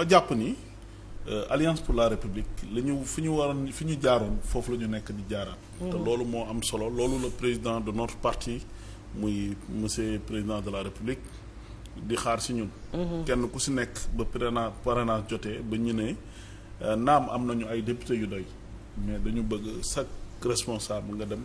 ma jàpp ni euh, alliance pour la république la ñu fi ñu waroon fi ñu jaaroon foofu la ñu nekk di jaaraat. Mm. te loolu moo am solo loolu la président de notre parti muy monsieur président de la république di xaar si ñun. Mm-hmm. kenn ku si nekk ba parrainage parrainage jotee ba ñu ne euh, naam am nañu ay député yu doy mais dañu bëgg chaque responsable nga dem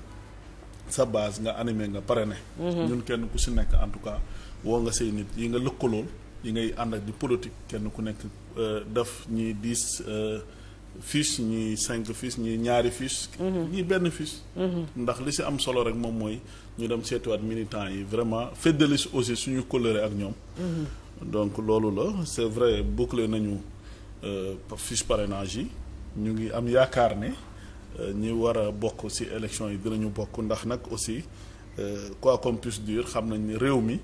sa base nga animé nga parrainé. Mm-hmm. ñun kenn ku si nekk en tout cas woo nga say nit yi nga lëkkalool. yi ngay ànd ak di politique kenn ku nekk euh, def ñi dix euh, fiche ñi cinq fiche ñi ñaari fiche mhm. ñi benn fiche mhm. ndax li si am solo rek moom mooy ñu dem seetuwaat militants yi vraiment feddali si aussi suñu coloré ak ñoom mhm. donc loolu la c'est vrai boucler nañu euh, fiche parrainage yi ñu ngi am yaakaar ne ñi war a bokk si élection yi dinañu bokk ndax nag aussi Euh, quoi qu'on puisse dire xam nañ ni réew mi.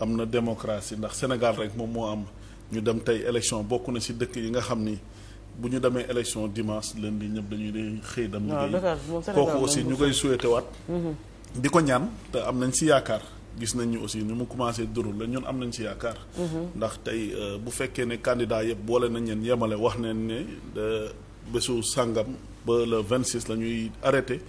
am na démocratie ndax Sénégal rek moom moo am ñu dem tey élection bokk na ci dëkk yi nga xam ni bu ñu demee élection dimanche lundi ñëpp dañuy day xëy dem. liggéey kooku aussi ñu koy souhaité waat. Mhm. di ko ñaan te am nañ ci yaakaar. gis nañ ñu aussi ñu mu commencé durul la ñun am nañ ci yaakaar. Mhm. ndax tey euh, bu fekkee ne candidat yëpp boole nañ leen yemale wax neen ne euh, bésu sàngam ba le 26 la ñuy arrêté.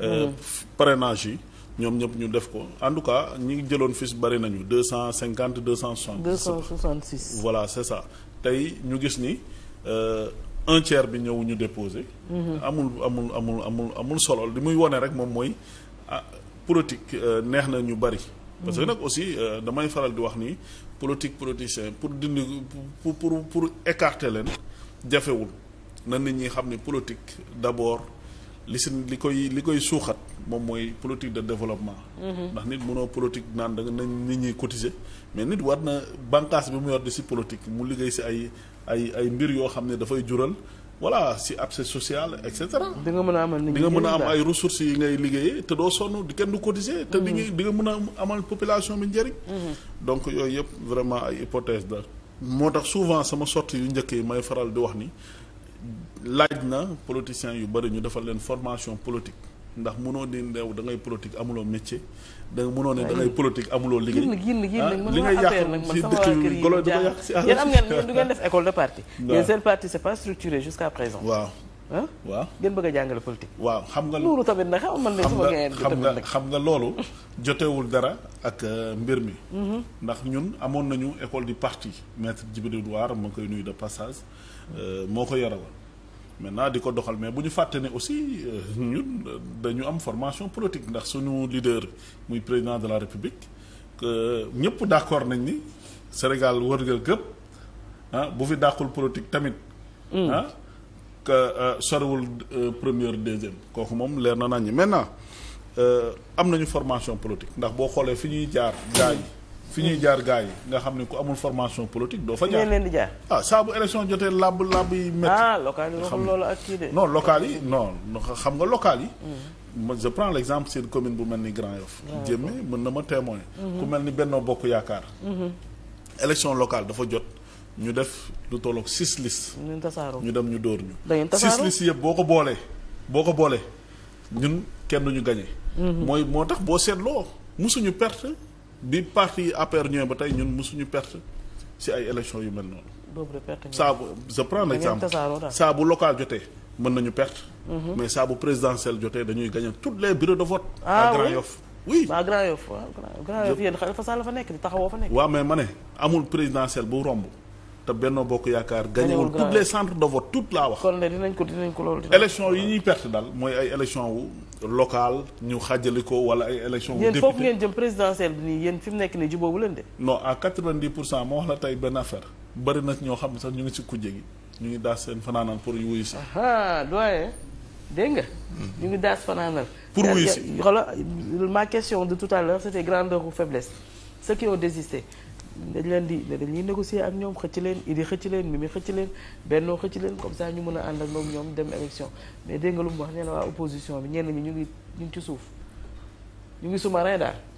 Mhm. parrainage yi. ñoom ñëpp ñu def ko en tout cas ñi jëloon fiche bari nañu deux cent cinquante deux cent soixante. deux cent soixante six. voilà c'est ça tey ñu gis ni euh, un tiers bi ñëw ñu déposé. Mhm. amul amul amul amul amul solo li muy wone rek moom mooy ah politique euh, neex na ñu bari. parce que mhm. nag aussi euh, damay faral di wax ni politique politicien pour dindi pour pour pour écarter leen jafewul na nit ñi xam ne politique d'abord li si li koy li koy suuxat. moom mooy politique de développement. Mhm. ndax nit mënoo politique naan da nañ nit ñi cotiser mais nit war na bànqaas bi mu yor si politique mu liggéey si ay ay mbir yoo xam ne dafay jural voilà si accès social et cetera. di nga mën a amal di nga mën a am ay ressources yi ngay liggéeyee te doo sonn di kenn cotiser. te di nga mhm. di nga mën a amal population bi njëriñ. Mhm. donc yooyu yëpp vraiment ay hypothèse la. moo tax souvent sama sortie yu njëkk yi may faral di wax ni laaj na politiciens yu bëri ñu defal leen formation politique. ndax munoo ne ndew da ngay politique amuloo métier da mënoo ne da ngay politique amuloo liggéey ah, li ngay yàq ci dëkk yu golo da parti yéen parti c'est pas structuré waaw ah bëgg a jàngale politique. waaw xam nga loolu tamit nag man de su ma xam nga xam nga loolu. jotewul dara ak euh, mbir mi. Mhm. ndax ñun amoon nañu école du parti maître Djibril waar moo koy nuyu de passage euh, moo ko yorewoon. maintenant di ko doxal mais bu ñu fàtte ne aussi euh, ñun dañu am formation politique ndax suñu leader muy président de la république que ñëpp d' accord nañ ni Sénégal wërgal gëpp ah bu fi dàqul politique tamit. Mm. ah que euh, sorewul euh, première deuxième kooku moom leer na nañ ñi maintenant am nañu formation politique ndax boo xoolee fi ñuy jaar gars yi fi ñuy jaar gars yi nga xam ne ku amul formation politique doo fa jaar leen di jaar ah saa bu jotee làbb làbb yi métti ah local yi waxul loolu ak kii de xam nga local yi mm. je prends l'exemple sur commune bu mel ni Grand Yoff jémme mën na ma témoin mm-hmm. ku mel ni Benno Bokk Yaakaar mm-hmm. élection locale dafa jot ñu def lu tolloog six listes ñu dem ñu dóor ñu six listes yëpp boo ko boolee boo ko boolee ñun kenn ñu gagné mm-hmm. mooy moo tax boo seetloo musuñu perte bi parti APR ñëwee ba tey ñun mosuñu perte si ay élections yu mel noonu. saa bu je prends l'exemple saa bu local jotee mën nañu perte. Mhm. mais saa bu présidentielle jotee dañuy gagner tous les bureaux de vote. ah à Grand Yoff oui à Grand Yoff waaw fa nekk taxawoo mais ma ne amul présidentielle bu romb. te Benno Bokk Yaakaar gañewul tous les centres de vote tout laa wax. kon ne dinañ ko dinañ yi ñuy perte daal mooy ay élection wu. local ñu xàjjali ko wala ay élection député yéen foofu ngeen jëm présidentielle bi nii yéen fi mu nekk nii jubóobu leen de. non à quatre-vingt-dix pour cent moo wax la tey benn affaire bari na ñoo xam ne sax ñu ngi ci kujje gi ñu ngi daas seen fanaanal pour yu wuyu si. doyen dégg nga. ñu ngi daas fanaanal. pour wuyu si xoolal ma question de tout à l'heure c'était grandeur ou faiblesse ceux qui ont désisté. dañ leen di ne dañuy négocier ak ñoom xëcc leen idi xëcc leen mi xëcc leen bennoo xëcc leen comme ça ñu mën a ànd ak ñoom dem élection mais dégg nga lu mu wax nee na waa opposition bi ñenn ñi ñu ngi ñu ngi ci suuf ñu ngi sous-marin daal